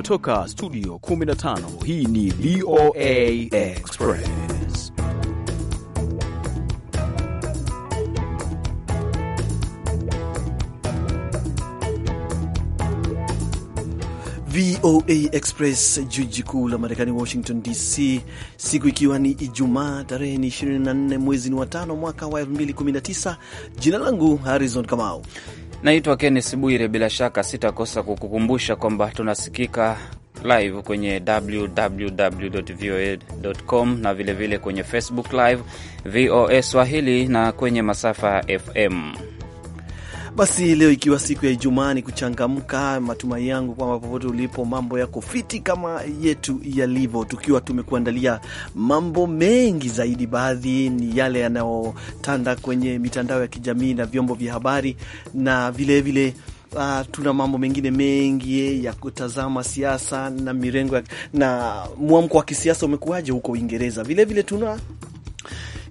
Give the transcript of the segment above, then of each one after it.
kutoka studio 15 hii ni VOA Express. VOA Express, jiji kuu la Marekani, Washington DC, siku ikiwa ni Ijumaa tarehe ni 24 mwezi ni tano mwaka wa 2019. Jina langu Harrison Kamau Naitwa Kennes Bwire. Bila shaka sitakosa kukukumbusha kwamba tunasikika live kwenye www com na vilevile vile kwenye Facebook live VOA Swahili na kwenye masafa FM. Basi leo ikiwa siku ya Ijumaa ni kuchangamka, matumai yangu kwamba popote ulipo mambo yako fiti kama yetu yalivyo, tukiwa tumekuandalia mambo mengi zaidi. Baadhi ni yale yanayotanda kwenye mitandao ya kijamii na vyombo vya habari na vilevile vile Uh, tuna mambo mengine mengi ya kutazama siasa na mirengo ya, na mwamko wa kisiasa umekuwaje huko Uingereza. Vilevile tuna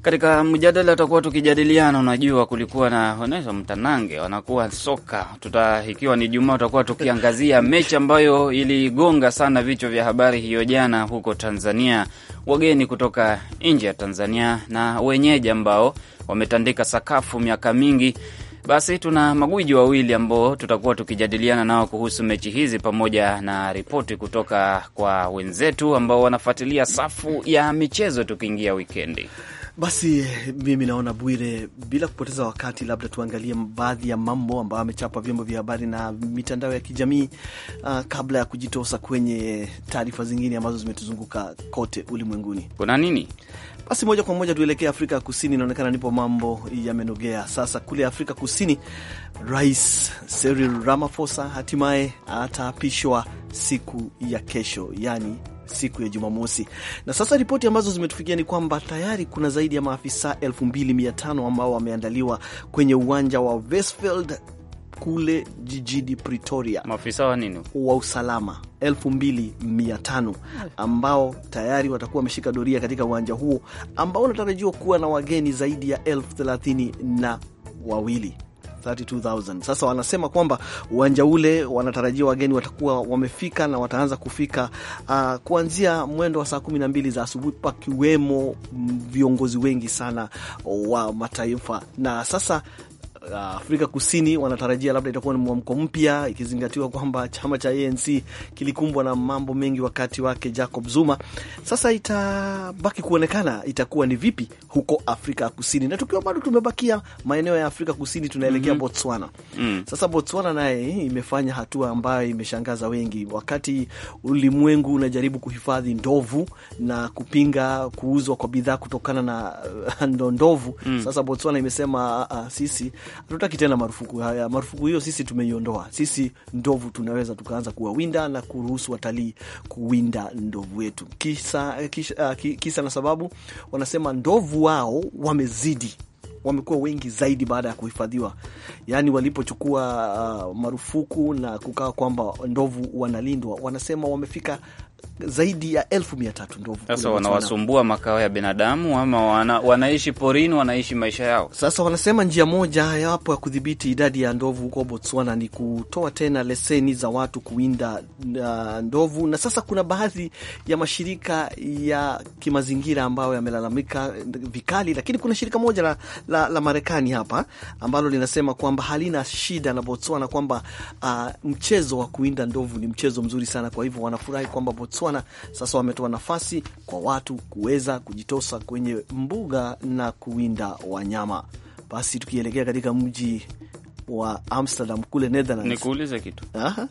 katika mjadala tutakuwa tukijadiliana. Unajua, kulikuwa na onyesha mtanange wanakuwa soka tuta, ikiwa ni Jumaa tutakuwa tukiangazia mechi ambayo iligonga sana vichwa vya habari hiyo jana huko Tanzania, wageni kutoka nje ya Tanzania na wenyeji ambao wametandika sakafu miaka mingi. Basi tuna magwiji wawili ambao tutakuwa tukijadiliana nao kuhusu mechi hizi pamoja na ripoti kutoka kwa wenzetu ambao wanafuatilia safu ya michezo tukiingia wikendi. Basi mimi naona Bwire, bila kupoteza wakati, labda tuangalie baadhi ya mambo ambayo amechapa vyombo vya habari na mitandao ya kijamii uh, kabla ya kujitosa kwenye taarifa zingine ambazo zimetuzunguka kote ulimwenguni. Kuna nini? Basi moja kwa moja tuelekee Afrika ya Kusini. Inaonekana ndipo mambo yamenogea sasa. Kule Afrika Kusini, Rais Cyril Ramaphosa hatimaye ataapishwa siku ya kesho, yani siku ya Jumamosi. Na sasa ripoti ambazo zimetufikia ni kwamba tayari kuna zaidi ya maafisa 2500 ambao wameandaliwa kwenye uwanja wa Westfield kule jijini Pretoria, maafisa wa nini wa usalama 2500 ambao tayari watakuwa wameshika doria katika uwanja huo ambao unatarajiwa kuwa na wageni zaidi ya elfu thelathini na wawili. 32,000. Sasa wanasema kwamba uwanja ule wanatarajia wageni watakuwa wamefika na wataanza kufika uh, kuanzia mwendo wa saa 12 za asubuhi, pakiwemo viongozi wengi sana wa mataifa na sasa Uh, Afrika Kusini wanatarajia labda itakuwa ni mwamko mpya, ikizingatiwa kwamba chama cha ANC kilikumbwa na mambo mengi wakati wake Jacob Zuma. Sasa itabaki kuonekana itakuwa ni vipi huko Afrika Kusini, na tukiwa bado tumebakia maeneo ya Afrika Kusini, tunaelekea mm -hmm. Botswana mm. Sasa Botswana naye imefanya hatua ambayo imeshangaza wengi, wakati ulimwengu unajaribu kuhifadhi ndovu na kupinga kuuzwa kwa bidhaa kutokana na ndo ndovu mm. Sasa Botswana imesema uh, sisi hatutaki tena marufuku haya. Marufuku hiyo sisi tumeiondoa. Sisi ndovu tunaweza tukaanza kuwawinda na kuruhusu watalii kuwinda ndovu wetu. Kisa, eh, kisa, ah, kisa na sababu, wanasema ndovu wao wamezidi wamekuwa wengi zaidi baada ya kuhifadhiwa. Yaani walipochukua uh, marufuku na kukaa kwamba ndovu wanalindwa, wanasema wamefika zaidi ya elfu mia tatu ndovu. Sasa wanawasumbua makao ya binadamu ama wana, wanaishi porini, wanaishi maisha yao. Sasa wanasema njia moja yawapo ya kudhibiti idadi ya ndovu huko Botswana ni kutoa tena leseni za watu kuwinda uh, ndovu. Na sasa kuna baadhi ya mashirika ya kimazingira ambayo yamelalamika vikali, lakini kuna shirika moja la, la, la Marekani hapa ambalo linasema kwamba halina shida na Botswana kwamba uh, mchezo wa kuwinda ndovu ni mchezo mzuri sana, kwa hivyo wanafurahi kwamba Botswana sasa wametoa nafasi kwa watu kuweza kujitosa kwenye mbuga na kuwinda wanyama. Basi tukielekea katika mji wa Amsterdam kule Netherlands, nikuulize kitu. Aha.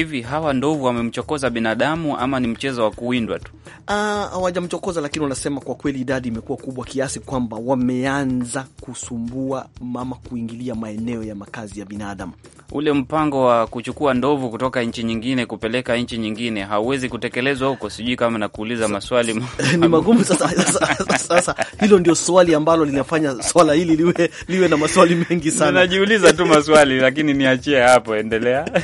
Hivi hawa ndovu wamemchokoza binadamu ama ni mchezo wa kuwindwa tu? Ah, hawajamchokoza, lakini wanasema kwa kweli idadi imekuwa kubwa kiasi kwamba wameanza kusumbua mama, kuingilia maeneo ya makazi ya binadamu. Ule mpango wa kuchukua ndovu kutoka nchi nyingine kupeleka nchi nyingine hauwezi kutekelezwa huko. Sijui kama nakuuliza maswali ni magumu. Sasa, sasa, sasa hilo ndio swali ambalo linafanya swala hili liwe, liwe na maswali mengi sana. Najiuliza tu maswali lakini niachie hapo, endelea.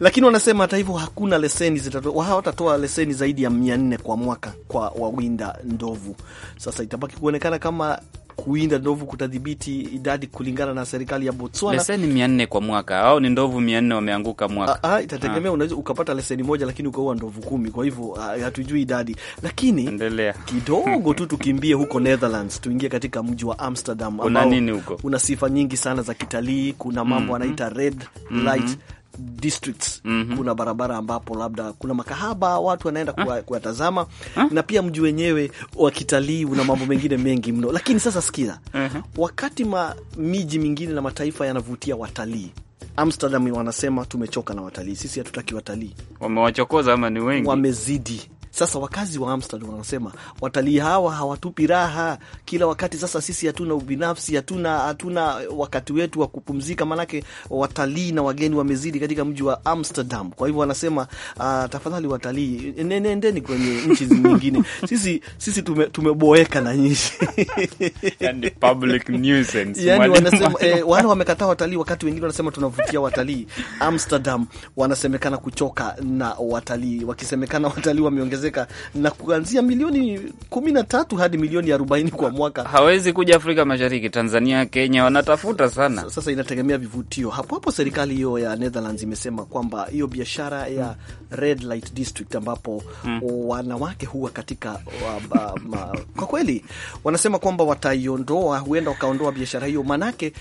lakini Lakini wanasema hata hivyo hakuna leseni zitatoa, hawatatoa leseni zaidi ya mia nne kwa mwaka kwa wawinda ndovu. Sasa itabaki kuonekana kama kuwinda ndovu kutadhibiti idadi kulingana na serikali ya Botswana. Leseni mia nne kwa mwaka au ni ndovu mia nne wameanguka mwaka? Ah, ah, itategemea, ah. unaweza ukapata leseni moja lakini ukaua ndovu kumi. Kwa hivyo hatujui idadi, lakini endelea kidogo tu tukimbie huko Netherlands, tuingie katika mji wa Amsterdam ambao una nini huko, una sifa nyingi sana za kitalii. Kuna mambo mm -hmm. anaita red light mm -hmm districts mm -hmm. Kuna barabara ambapo labda kuna makahaba watu wanaenda ah. kuwatazama kuyatazama ah. na pia mji wenyewe wa kitalii una mambo mengine mengi mno, lakini sasa sikiza uh -huh. wakati ma miji mingine na mataifa yanavutia watalii Amsterdam wanasema tumechoka na watalii, sisi hatutaki watalii. Wamewachokoza ama ni wengi, wamezidi sasa wakazi wa Amsterdam wanasema watalii hawa hawatupi raha kila wakati. Sasa sisi hatuna ubinafsi, hatuna hatuna wakati wetu wa kupumzika, maanake watalii na wageni wamezidi katika mji wa Amsterdam. Kwa hivyo wanasema uh, tafadhali watalii, nendeni kwenye nchi nyingine, sisi sisi tume, tumeboeka na nyinyi yani public nuisance yani wanasema eh, wale wamekataa watalii, wakati wengine wanasema tunavutia watalii. Amsterdam wanasemekana kuchoka na watalii, wakisemekana watalii wameongeza kuongezeka na kuanzia milioni kumi na tatu hadi milioni arobaini kwa mwaka. Hawezi kuja Afrika Mashariki, Tanzania, Kenya wanatafuta sana. Sasa inategemea vivutio. Hapo hapo serikali hiyo ya Netherlands imesema kwamba hiyo biashara ya red light district ambapo hmm, wanawake huwa katika wabama, kwa kweli wanasema kwamba wataiondoa, huenda wakaondoa biashara hiyo, maanake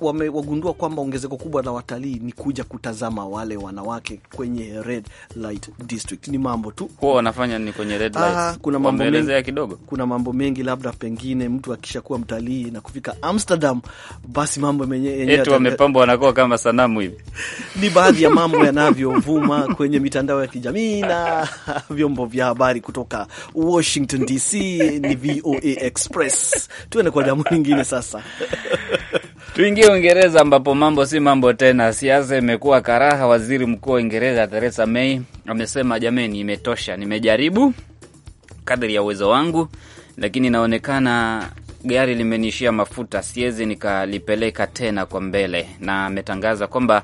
wamewagundua kwamba ongezeko kubwa la watalii ni kuja kutazama wale wanawake kwenye red light district. Ni mambo tu huwa wanafanya ni kwenye red light. Ah, kuna mambo mengi kidogo, kuna mambo mengi labda pengine mtu akishakuwa mtalii na kufika Amsterdam, basi mambo yenyewe yetu wamepambwa wanakuwa kama sanamu hivi. Ni baadhi ya mambo yanavyovuma kwenye mitandao ya kijamii na vyombo vya habari. Kutoka Washington DC ni VOA Express, tuende kwa jambo lingine sasa. Tuingie Uingereza ambapo mambo si mambo tena, siasa imekuwa karaha. Waziri Mkuu wa Uingereza Theresa May amesema, jameni, imetosha, nimejaribu kadri ya uwezo wangu, lakini inaonekana gari limeniishia mafuta, siwezi nikalipeleka tena kwa mbele, na ametangaza kwamba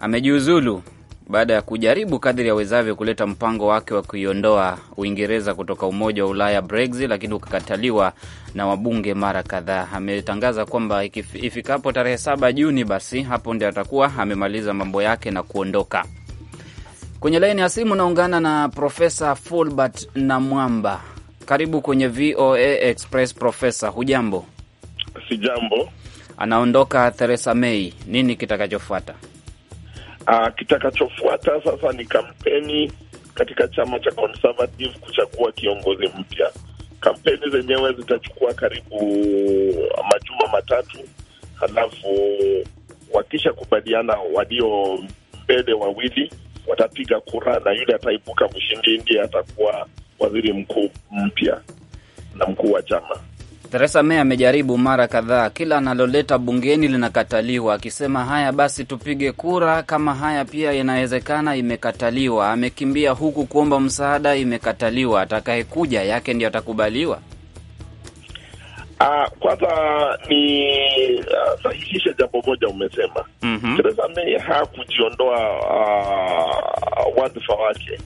amejiuzulu baada ya kujaribu kadri yawezavyo kuleta mpango wake wa kuiondoa Uingereza kutoka Umoja wa Ulaya, Brexit, lakini ukakataliwa na wabunge mara kadhaa. Ametangaza kwamba ifikapo tarehe saba Juni, basi hapo ndio atakuwa amemaliza mambo yake na kuondoka. Kwenye laini ya simu naungana na Profesa Fulbert Namwamba. Karibu kwenye VOA Express. Profesa, hujambo? jambo. Anaondoka Theresa May, nini kitakachofuata? Uh, kitakachofuata sasa ni kampeni katika chama cha Conservative kuchagua kiongozi mpya. Kampeni zenyewe zitachukua karibu ah, majuma matatu, halafu wakishakubaliana walio mbele wawili watapiga kura na yule ataibuka mshindi ndiye atakuwa waziri mkuu mpya na mkuu wa chama. Theresa May amejaribu mara kadhaa, kila analoleta bungeni linakataliwa, akisema haya basi tupige kura, kama haya pia inawezekana, imekataliwa. Amekimbia huku kuomba msaada, imekataliwa. Atakayekuja yake ndio atakubaliwa. Uh, kwanza ni uh, sahihishe jambo moja umesema. mm -hmm. Theresa May hakujiondoa uh, wadhifa wake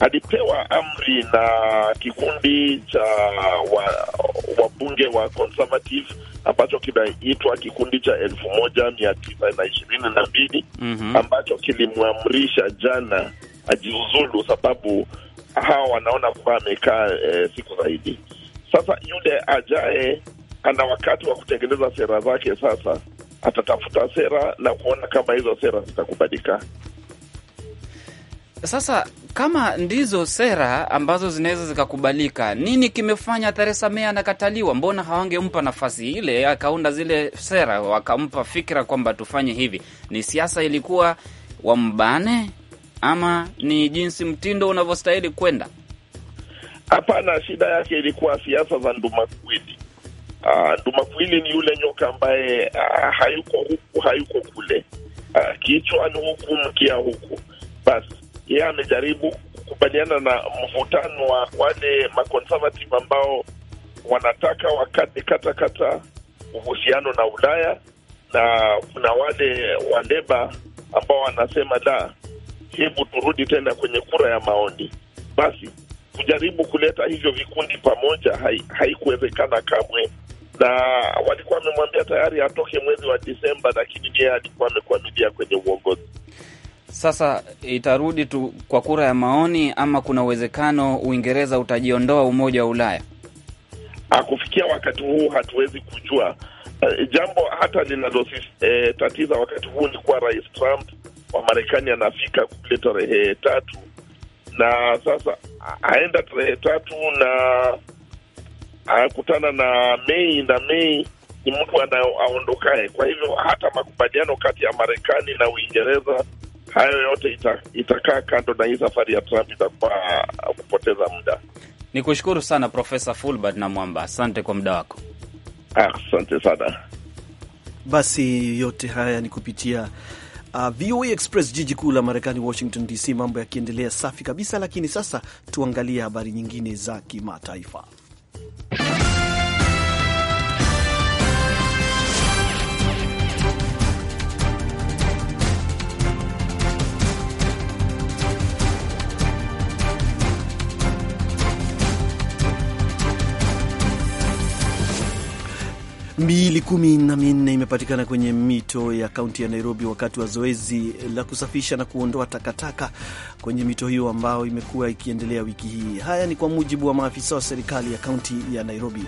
alipewa amri na kikundi cha wabunge wa, wa Conservative ambacho kinaitwa kikundi cha elfu moja mia tisa na ishirini na mbili mm -hmm. ambacho kilimwamrisha jana ajiuzulu, sababu hawa wanaona kuwa amekaa e, siku zaidi. Sasa yule ajaye ana wakati wa kutengeneza sera zake. Sasa atatafuta sera na kuona kama hizo sera zitakubalika. Sasa kama ndizo sera ambazo zinaweza zikakubalika, nini kimefanya Theresa May anakataliwa? Mbona hawangempa nafasi ile akaunda zile sera, wakampa fikira kwamba tufanye hivi? Ni siasa ilikuwa wambane, ama ni jinsi mtindo unavyostahili kwenda? Hapana, shida yake ilikuwa siasa za ndumakuwili. Ah, ndumakuwili ni yule nyoka ambaye ah, hayuko huku hayuko kule, ah, kichwa ni huku, mkia huku, basi yeye amejaribu kukubaliana na mvutano wa wale maconservative ambao wanataka wakate kata kata uhusiano na Ulaya na kuna wale waleba ambao wanasema la, hebu turudi tena kwenye kura ya maoni. Basi kujaribu kuleta hivyo vikundi pamoja haikuwezekana hai kamwe, na walikuwa wamemwambia tayari atoke mwezi wa Disemba, lakini yeye alikuwa amekwamilia kwenye uongozi sasa itarudi tu kwa kura ya maoni, ama kuna uwezekano Uingereza utajiondoa Umoja wa Ulaya? Ah, kufikia wakati huu hatuwezi kujua. Uh, jambo hata linalotatiza eh, wakati huu ni kuwa Rais Trump wa Marekani anafika kule tarehe tatu, na sasa aenda tarehe tatu na akutana na Mei na Mei ni mtu anaondokae. Kwa hivyo hata makubaliano kati ya Marekani na Uingereza hayo yote ita, itakaa kando na hii safari ya Trump itakuwa kupoteza muda. Ni kushukuru sana Profesa Fulbert na Mwamba, asante kwa muda wako. Ah, asante sana. Basi yote haya ni kupitia uh, ah, VOA e Express, jiji kuu la Marekani, Washington DC. Mambo yakiendelea safi kabisa, lakini sasa tuangalie habari nyingine za kimataifa. 214 imepatikana kwenye mito ya kaunti ya Nairobi wakati wa zoezi la kusafisha na kuondoa takataka kwenye mito hiyo ambayo imekuwa ikiendelea wiki hii. Haya ni kwa mujibu wa maafisa wa serikali ya kaunti ya Nairobi.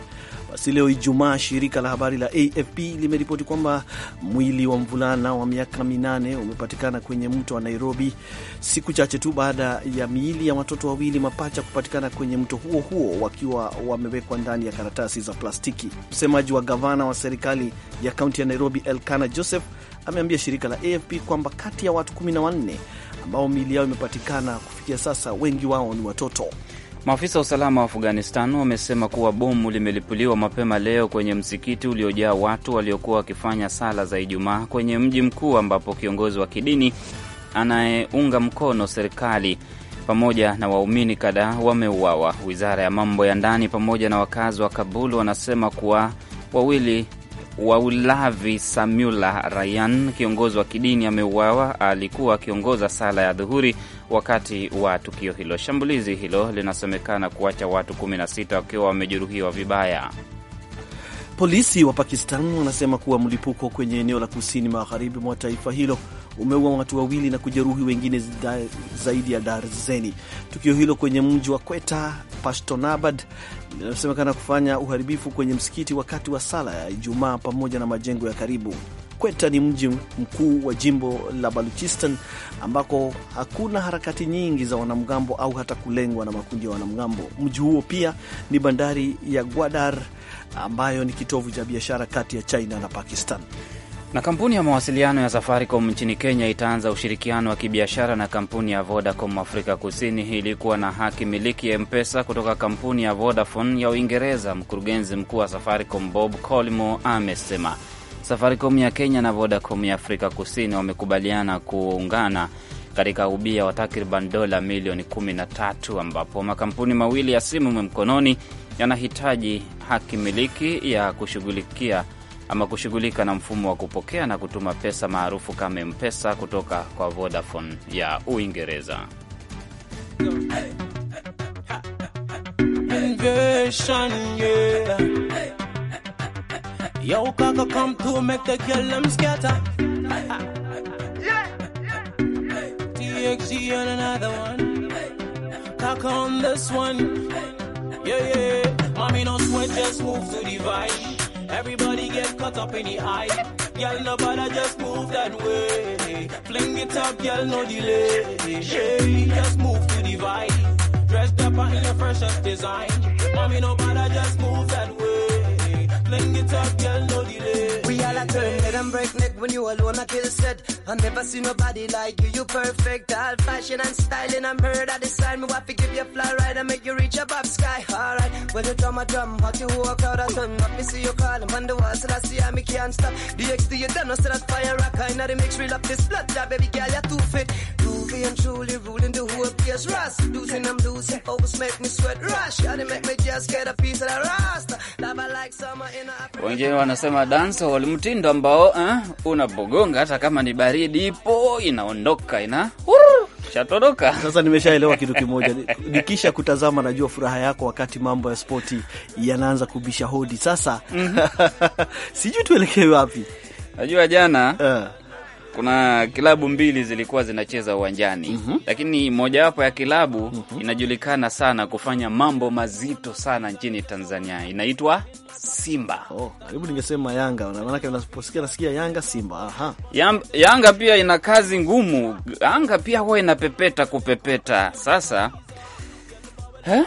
Basi leo Ijumaa, shirika la habari la AFP limeripoti kwamba mwili wa mvulana wa miaka minane umepatikana kwenye mto wa Nairobi, siku chache tu baada ya miili ya watoto wawili mapacha kupatikana kwenye mto huo huo wakiwa wamewekwa ndani ya karatasi za plastiki. Msemaji wa gavana wa serikali ya kaunti ya Nairobi, Elkana Joseph, ameambia shirika la AFP kwamba kati ya watu 14 ambao miili yao imepatikana kufikia sasa, wengi wao ni watoto. Maafisa wa usalama wa Afghanistan wamesema kuwa bomu limelipuliwa mapema leo kwenye msikiti uliojaa watu waliokuwa wakifanya sala za Ijumaa kwenye mji mkuu ambapo kiongozi wa kidini anayeunga mkono serikali pamoja na waumini kadhaa wameuawa. Wizara ya mambo ya ndani pamoja na wakazi wa Kabul wanasema kuwa wawili Waulavi Samula Rayan, kiongozi wa kidini ameuawa. Alikuwa akiongoza sala ya dhuhuri wakati wa tukio hilo. Shambulizi hilo linasemekana kuacha watu 16 wakiwa wamejeruhiwa vibaya. Polisi wa Pakistan wanasema kuwa mlipuko kwenye eneo la kusini magharibi mwa taifa hilo umeua watu wawili na kujeruhi wengine zaidi ya darzeni. Tukio hilo kwenye mji wa Kweta Pashtonabad linasemekana kufanya uharibifu kwenye msikiti wakati wa sala ya Ijumaa pamoja na majengo ya karibu. Kweta ni mji mkuu wa jimbo la Baluchistan ambako hakuna harakati nyingi za wanamgambo au hata kulengwa na makundi ya wanamgambo. Mji huo pia ni bandari ya Gwadar ambayo ni kitovu cha biashara kati ya China na Pakistan. Na kampuni ya mawasiliano ya Safaricom nchini Kenya itaanza ushirikiano wa kibiashara na kampuni ya Vodacom Afrika Kusini ili kuwa na haki miliki ya M-Pesa kutoka kampuni ya Vodafone ya Uingereza. Mkurugenzi mkuu wa Safaricom Bob Collymore amesema Safaricom ya Kenya na Vodacom ya Afrika Kusini wamekubaliana kuungana katika ubia wa takriban dola milioni 13 ambapo makampuni mawili ya simu mkononi yanahitaji haki miliki ya kushughulikia ama kushughulika na mfumo wa kupokea na kutuma pesa maarufu kama Mpesa kutoka kwa Vodafone ya Uingereza. Everybody get caught up in the eye, Girl, no bother, just move that way. Fling it up, girl, no delay. Hey, just move to the vibe. Dressed up in your freshest design. Mommy, no bother, just move that way fling it up, girl, no delay. We all a turn head and break neck when you alone I kill set. I never see nobody like you, you perfect. All fashion and styling and I decide Me what give you fly ride and make you reach above sky. Alright, when you drum a drum, hot you walk out a ton. Up me see you call, I'm on the wall, so I see I me can't stop. DXD, you done, I said that fire rock. I know they mix real up this blood, that baby girl, you're too fit. Ruby and truly ruling the whole place. Rust, losing, I'm losing. Always make me sweat rush. Yeah, they make me just get a piece of the rasta. Lava like summer in Wengine wanasema hall mtindo ambao eh, unabogonga hata kama ni baridi, ipo inaondoka ina Shatoroka. Sasa nimeshaelewa kitu kimoja, nikisha kutazama najua furaha yako wakati mambo ya spoti yanaanza kubisha hodi. Sasa mhm. sijui tuelekee wapi. Najua jana uh kuna kilabu mbili zilikuwa zinacheza uwanjani mm -hmm. Lakini mojawapo ya kilabu mm -hmm. inajulikana sana kufanya mambo mazito sana nchini Tanzania, inaitwa Simba. Oh, karibu ningesema Yanga, maanake naposikia nasikia Yanga Simba. Aha. Yam, Yanga pia ina kazi ngumu. Yanga pia huwa inapepeta kupepeta sasa, eh?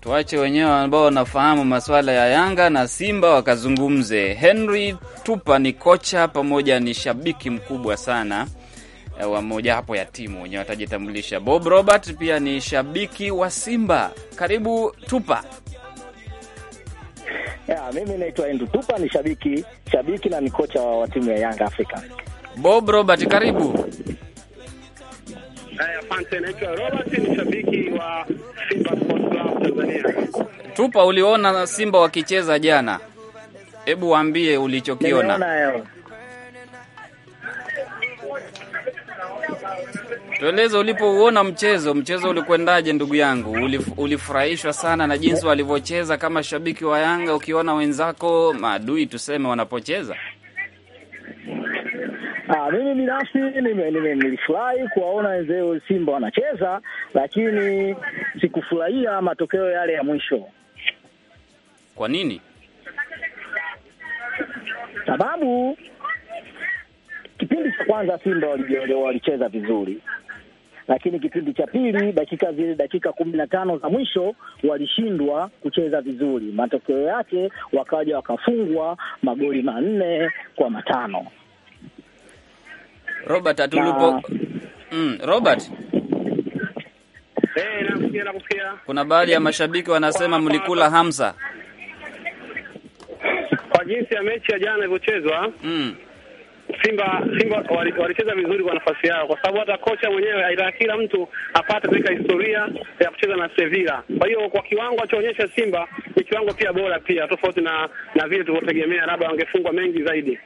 tuache wenyewe ambao wanafahamu maswala ya Yanga na Simba wakazungumze. Henry Tupa ni kocha pamoja ni shabiki mkubwa sana eh, wa mojawapo ya timu wenyewe watajitambulisha. Bob Robert pia ni shabiki wa Simba. Karibu Tupa. Ya, mimi naitwa Endu Tupa, ni shabiki shabiki na ni kocha wa timu ya Yanga Afrika. Bob Robert, karibu. Eh, asante, naitwa Robert, ni shabiki wa Simba Tupa, uliona Simba wakicheza jana, hebu waambie ulichokiona, tueleze ulipouona mchezo. Mchezo ulikwendaje ndugu yangu? Ulif, ulifurahishwa sana na jinsi walivyocheza kama shabiki wa Yanga, ukiona wenzako maadui tuseme wanapocheza? mimi binafsi nilifurahi kuwaona wenzeo Simba wanacheza, lakini sikufurahia matokeo yale ya mwisho. Kwa nini? Sababu kipindi cha kwanza Simba walicheza vizuri, lakini kipindi cha pili, dakika zile, dakika kumi na tano za mwisho walishindwa kucheza vizuri. Matokeo yake wakaja wakafungwa magoli manne kwa matano. Robert hatulipo mm, Robert hey, eh, nakusikia, nakusikia. Kuna baadhi ya mashabiki wanasema mlikula Hamza kwa jinsi ya mechi ya jana ilivyochezwa mm. Simba Simba walicheza vizuri kwa nafasi yao, kwa sababu hata kocha mwenyewe aitaka kila mtu apate katika historia ya kucheza na Sevilla. Kwa hiyo kwa kiwango alichoonyesha Simba ni kiwango pia bora pia, tofauti na na vile tulivyotegemea, labda wangefungwa mengi zaidi.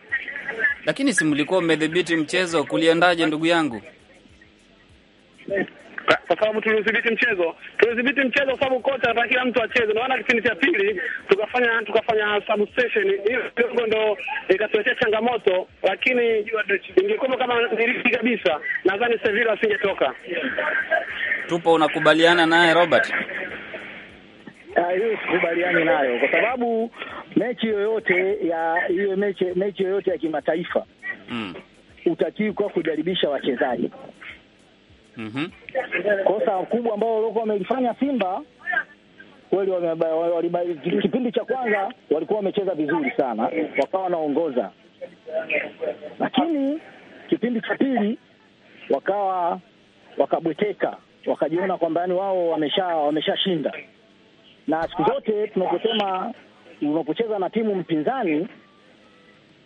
Lakini si mlikuwa mmedhibiti mchezo, kuliendaje ndugu yangu? kwa sababu tuliudhibiti mchezo, tuliudhibiti mchezo kwa sababu kocha anataka kila mtu acheze. Naona kipindi cha pili tukafanya tukafanya substitution, hiyo kidogo ndo ikatuletea changamoto, lakini ingekuwa kama niliki kabisa, nadhani Sevilla asingetoka. Tupo, unakubaliana naye Robert? Ah, hiyo sikubaliani nayo kwa sababu mechi yoyote ya hiyo mechi mechi yoyote ya kimataifa mm. utakiwa kujaribisha wachezaji mm -hmm. Kosa kubwa ambao walikuwa wamelifanya Simba kweli, kipindi cha kwanza walikuwa wamecheza vizuri sana, wakawa wanaongoza, lakini kipindi cha pili wakawa wakabweteka, wakajiona kwamba yani wao wamesha wameshashinda. Na siku zote tunaposema, unapocheza na timu mpinzani,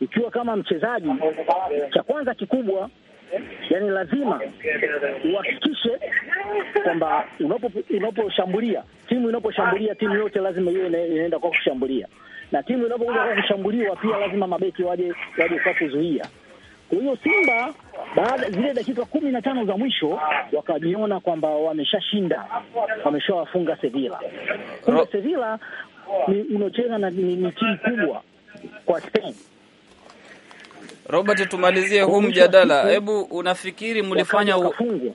ikiwa kama mchezaji, cha kwanza kikubwa Yani lazima uhakikishe kwamba unaposhambulia, timu inaposhambulia, timu yote lazima iwe inaenda kwa kushambulia, na timu inapokuja kwa kushambuliwa pia lazima mabeki waje waje kwa kuzuia. Kwa hiyo Simba baada zile dakika kumi na tano za mwisho wakajiona kwamba wameshashinda, wameshawafunga Sevilla. Kumbe Sevilla ni unaocheza na ni timu kubwa kwa Spain Robert, tumalizie huu mjadala. Hebu unafikiri mlifanya u...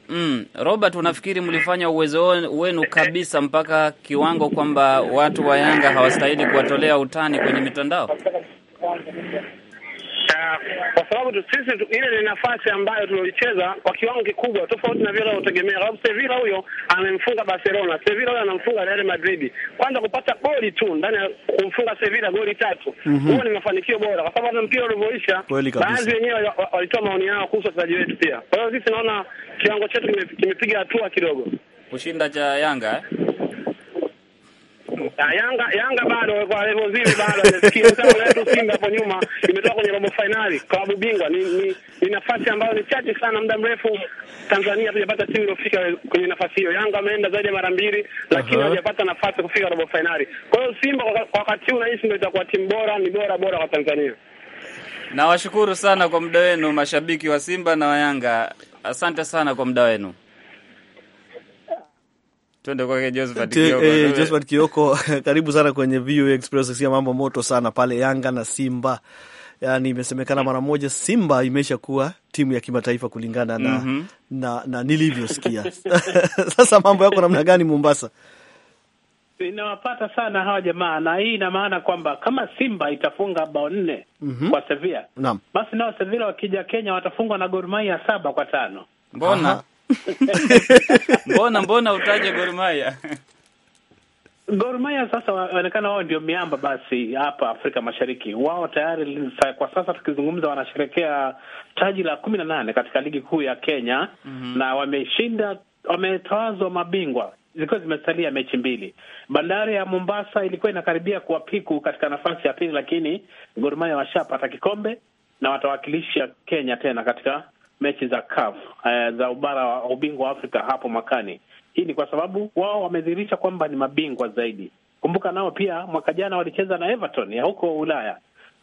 mm, Robert, unafikiri mlifanya uwezo wenu kabisa mpaka kiwango kwamba watu wa Yanga hawastahili kuwatolea utani kwenye mitandao? kwa sababu sisi ile ni nafasi ambayo tulioicheza kwa kiwango kikubwa, tofauti na vile unategemea, sababu Sevilla huyo amemfunga Barcelona, Sevilla huyo anamfunga Real Madrid. Kwanza kupata goli tu ndani ya kumfunga Sevilla goli tatu, mm huo -hmm. ni mafanikio bora, kwa sababu hata mpira ulivyoisha, baadhi wenyewe walitoa maoni yao kuhusu wachezaji wetu pia. Kwa hiyo sisi naona kiwango chetu kimepiga hatua kidogo kushinda cha Yanga eh? Ah, Yanga Yanga bado kwa level zile bado nasikia Simba hapo nyuma imetoka kwenye robo finali klabu bingwa ni, ni, ni nafasi ambayo ni chache sana, muda mrefu Tanzania hatujapata timu iliyofika kwenye nafasi hiyo. Yanga ameenda zaidi ya mara mbili, lakini hajapata uh -huh. nafasi kufika robo finali. Kwa hiyo Simba kwa wakati huu nahisi ndio itakuwa timu bora, ni bora bora kwa Tanzania. Nawashukuru sana kwa muda wenu mashabiki wa Simba na wa Yanga, asante sana kwa muda wenu. Tuende kwake Josephat Kioko. Eh, Josephat Kioko, karibu sana kwenye VU Express. Sikia mambo moto sana pale Yanga na Simba. Yaani imesemekana mara moja Simba imesha kuwa timu ya kimataifa kulingana na, mm -hmm. na, na nilivyosikia. Sasa mambo yako namna gani Mombasa? Inawapata sana hawa jamaa, na hii ina maana kwamba kama Simba itafunga bao nne mm -hmm. kwa Sevilla, naam, basi nao Sevilla wakija Kenya watafungwa na Gor Mahia saba kwa tano. Mbona? mbona mbona utaje Gor Mahia? Gor Mahia sasa waonekana wao ndio miamba basi hapa Afrika Mashariki. Wao tayari kwa sasa tukizungumza, wanasherekea taji la kumi na nane katika ligi kuu ya Kenya mm -hmm. na wameshinda, wametawazwa mabingwa zilikuwa zimesalia mechi mbili. Bandari ya Mombasa ilikuwa inakaribia kuwapiku katika nafasi ya pili, lakini Gor Mahia washapata kikombe na watawakilisha Kenya tena katika mechi za CAF uh, za ubara wa ubingwa wa Afrika hapo mwakani. Hii ni kwa sababu wao wamedhihirisha kwamba ni mabingwa zaidi. Kumbuka nao pia mwaka jana walicheza na Everton ya huko Ulaya,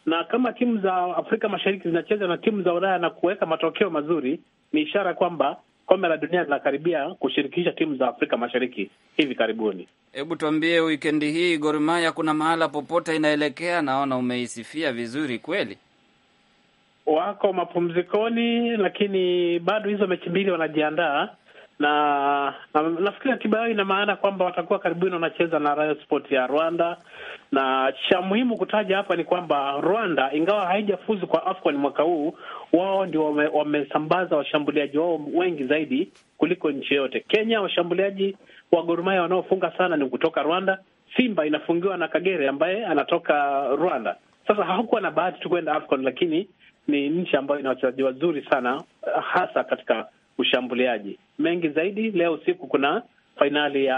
na kama timu za Afrika Mashariki zinacheza na timu za Ulaya na kuweka matokeo mazuri, ni ishara kwamba kombe la dunia linakaribia kushirikisha timu za Afrika Mashariki hivi karibuni. Hebu tuambie, wikendi hii Gor Mahia kuna mahala popote inaelekea? Naona umeisifia vizuri kweli wako mapumzikoni, lakini bado hizo mechi mbili wanajiandaa na, na nafikiri ratiba yao ina maana kwamba watakuwa karibuni wanacheza na Rayon Sport ya Rwanda, na cha muhimu kutaja hapa ni kwamba Rwanda ingawa haijafuzu kwa AFCON mwaka huu, wao ndio wamesambaza wame washambuliaji wao wengi zaidi kuliko nchi yote. Kenya, washambuliaji wa Gor Mahia wanaofunga sana ni kutoka Rwanda. Simba inafungiwa na Kagere ambaye anatoka Rwanda. Sasa hakuwa na bahati tu kwenda AFCON, lakini ni nchi ambayo ina wachezaji wazuri sana, eh, hasa katika ushambuliaji. Mengi zaidi leo usiku kuna fainali ya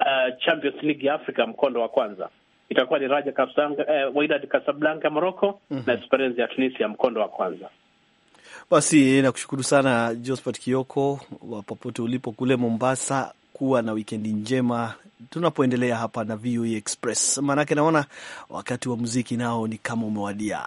uh, Champions League ya Africa mkondo wa kwanza itakuwa ni Raja Casablanca, eh, Wydad ya Morocco mm -hmm. na Esperance ya Tunisia mkondo wa kwanza. Basi nakushukuru sana Josphat Kioko wa popote ulipo kule Mombasa. Kuwa na wikendi njema tunapoendelea hapa na VOA e Express, maanake naona wakati wa muziki nao ni kama umewadia.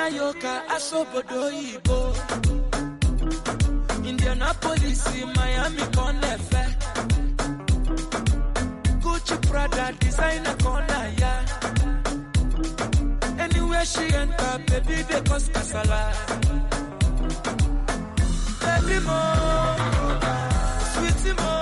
nayoka asobodo oyibo indianapolis miami kọnefe gucci prada designer kọna ya anywhere she enter baby dey cause kasala baby mo sweet mo.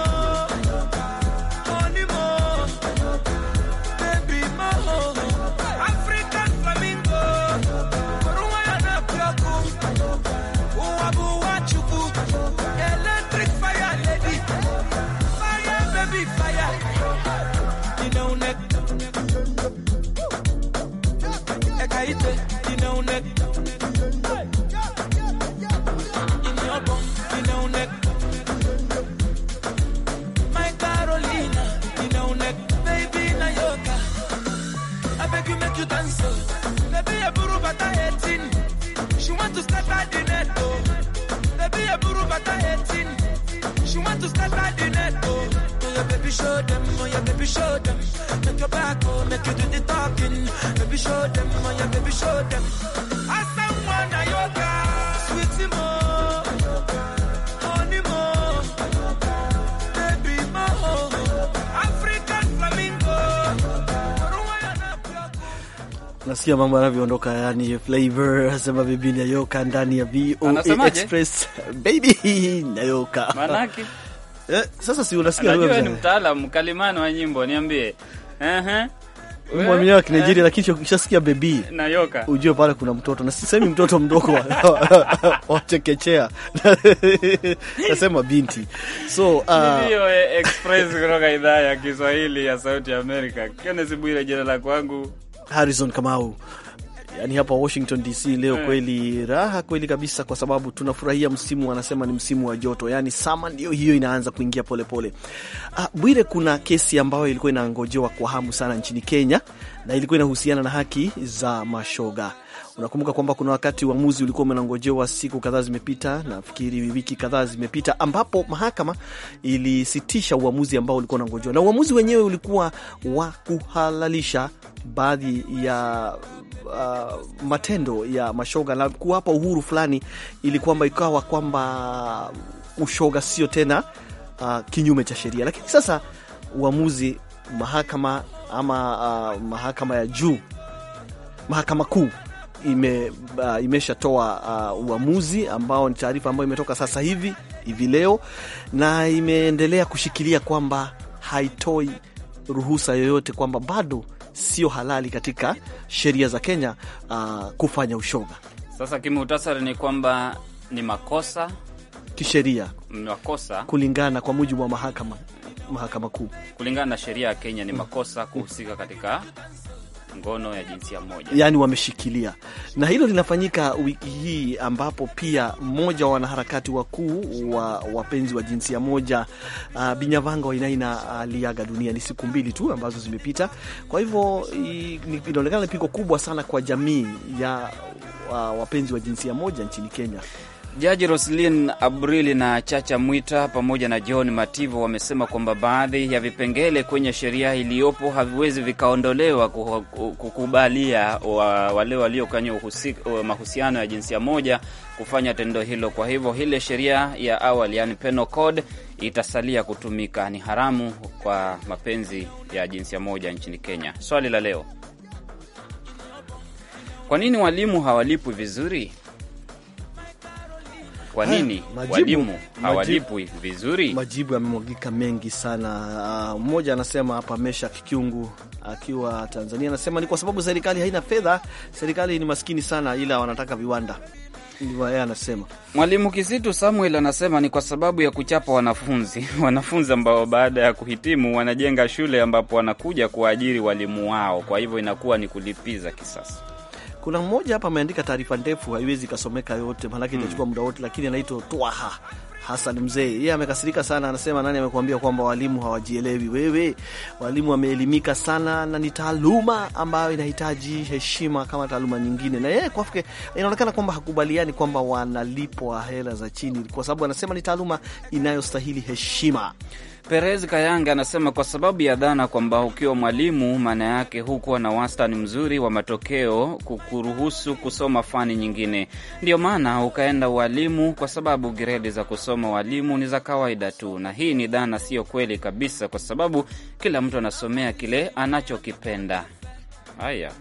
make you make you dance. Baby, a buru but I eighteen. She want to step out the net. Oh. Baby, a buru but I eighteen. She want to step out the net. Oh. Oh, yeah, baby, show them. Oh, yeah, baby, show them. Make your back, oh, make you do the talking. Baby, show them. Oh, yeah, baby, show them. I Nasikia mambo anavyoondoka, yani Flavor asema bibi nayoka ndani ya VOA Express baby nayoka manake eh, sasa si unasikia wewe ni mtaalamu kalimani wa nyimbo, niambie ehe uh -huh. Mwamini wa Kinigeria, eh. lakini ukishasikia bebi nayoka ujue pale kuna mtoto, na sisemi mtoto mdogo wachekechea nasema binti. So uh, Express kutoka idhaa ya Kiswahili ya Sauti ya Amerika, Kenesi Bwire jina la kwangu Harrison Kamau. Yani hapa Washington DC leo eh. kweli raha kweli kabisa, kwa sababu tunafurahia msimu, wanasema ni msimu wa joto, yani sama ndio hiyo inaanza kuingia polepole pole. Ah, Bwire, kuna kesi ambayo ilikuwa inaangojewa kwa hamu sana nchini Kenya na ilikuwa inahusiana na haki za mashoga Unakumbuka kwamba kuna wakati uamuzi ulikuwa umenangojewa siku kadhaa zimepita, nafikiri wiki kadhaa zimepita, ambapo mahakama ilisitisha uamuzi ambao ulikuwa unangojewa, na uamuzi wenyewe ulikuwa wa kuhalalisha baadhi ya uh, matendo ya mashoga na kuwapa uhuru fulani, ili kwamba ikawa kwamba ushoga sio tena uh, kinyume cha sheria. Lakini sasa uamuzi mahakama ama uh, mahakama ya juu, mahakama kuu ime, uh, imeshatoa uh, uamuzi ambao ni taarifa ambayo imetoka sasa hivi hivi leo, na imeendelea kushikilia kwamba haitoi ruhusa yoyote, kwamba bado sio halali katika sheria za Kenya uh, kufanya ushoga. Sasa kimuhtasari ni kwamba ni makosa kisheria, makosa kulingana kwa mujibu wa mahakama mahakama kuu, kulingana na sheria ya Kenya ni makosa kuhusika katika ngono ya jinsia moja, yani wameshikilia, na hilo linafanyika wiki hii ambapo pia mmoja wa wanaharakati wakuu wa wapenzi wa jinsia moja uh, Binyavanga Wainaina aliaga uh, dunia. Ni siku mbili tu ambazo zimepita, kwa hivyo inaonekana ni pigo kubwa sana kwa jamii ya uh, wapenzi wa jinsia moja nchini Kenya. Jaji Roslin Abrili na Chacha Mwita pamoja na John Mativo wamesema kwamba baadhi ya vipengele kwenye sheria iliyopo haviwezi vikaondolewa kukubalia wa, wale waliokanya mahusiano ya jinsia moja kufanya tendo hilo. Kwa hivyo ile sheria ya awali, yani penal code, itasalia kutumika. Ni haramu kwa mapenzi ya jinsia moja nchini Kenya. Swali la leo, kwa nini walimu hawalipwi vizuri? Kwa nini walimu hawalipwi vizuri? Majibu yamemwagika mengi sana. Ah, mmoja anasema hapa, Mesha Kikyungu akiwa Tanzania, anasema ni kwa sababu serikali haina fedha, serikali ni maskini sana, ila wanataka viwanda anasema Mwalimu Kisitu Samuel anasema ni kwa sababu ya kuchapa wanafunzi wanafunzi ambao baada ya kuhitimu wanajenga shule ambapo wanakuja kuwaajiri walimu wao, kwa hivyo inakuwa ni kulipiza kisasa kuna mmoja hapa ameandika taarifa ndefu, haiwezi ikasomeka yote maanake hmm. itachukua hmm, muda wote, lakini anaitwa Twaha Hasan Mzee, yeye amekasirika sana, anasema nani amekuambia kwamba walimu hawajielewi? Wewe walimu wameelimika sana, na ni taaluma ambayo inahitaji heshima kama taaluma nyingine. Na yeye kwake inaonekana kwamba hakubaliani kwamba wanalipwa hela za chini, kwa sababu anasema ni taaluma inayostahili heshima. Perez Kayange anasema kwa sababu ya dhana kwamba ukiwa mwalimu maana yake hukuwa na wastani mzuri wa matokeo kukuruhusu kusoma fani nyingine, ndio maana ukaenda ualimu, kwa sababu gredi za kusoma ualimu ni za kawaida tu, na hii ni dhana, siyo kweli kabisa, kwa sababu kila mtu anasomea kile anachokipenda. Haya.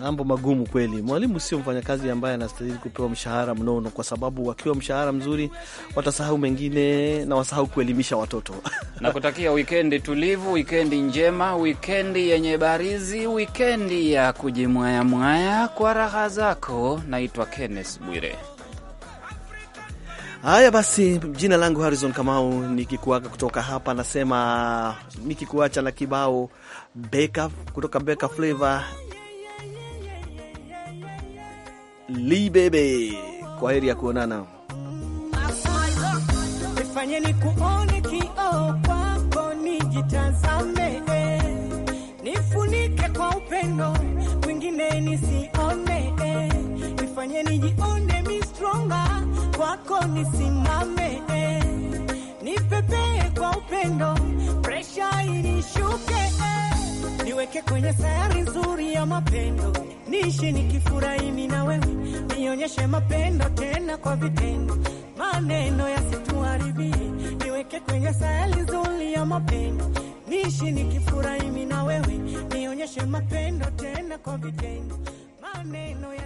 Mambo magumu kweli. Mwalimu sio mfanyakazi ambaye anastahili kupewa mshahara mnono, kwa sababu wakiwa mshahara mzuri watasahau mengine na wasahau kuelimisha watoto. Nakutakia wikendi tulivu, wikendi njema, wikendi yenye barizi, wikendi ya kujimwayamwaya kwa raha zako. Naitwa Kenneth Bwire. Haya basi, jina langu Harrison Kamau, nikikuaga kutoka hapa nasema nikikuacha na kibao beka kutoka Beka Flavor Libebe, kwa heri ya kuonana. Nifanye kuone kioo kwako, nijitazame, nifunike kwa upendo mwingine nisione, nifanye nijione mistronga kwako, nisimame, nipepee kwa upendo, presha inishuke niweke kwenye sayari nzuri ya mapendo, niishi mimi na wewe, nionyeshe mapendo tena kwa vitendo, maneno yasituharibie, niweke kwenye sayari nzuri ya mapendo, niishi mimi na wewe, nionyeshe mapendo tena kwa vitendo, maneno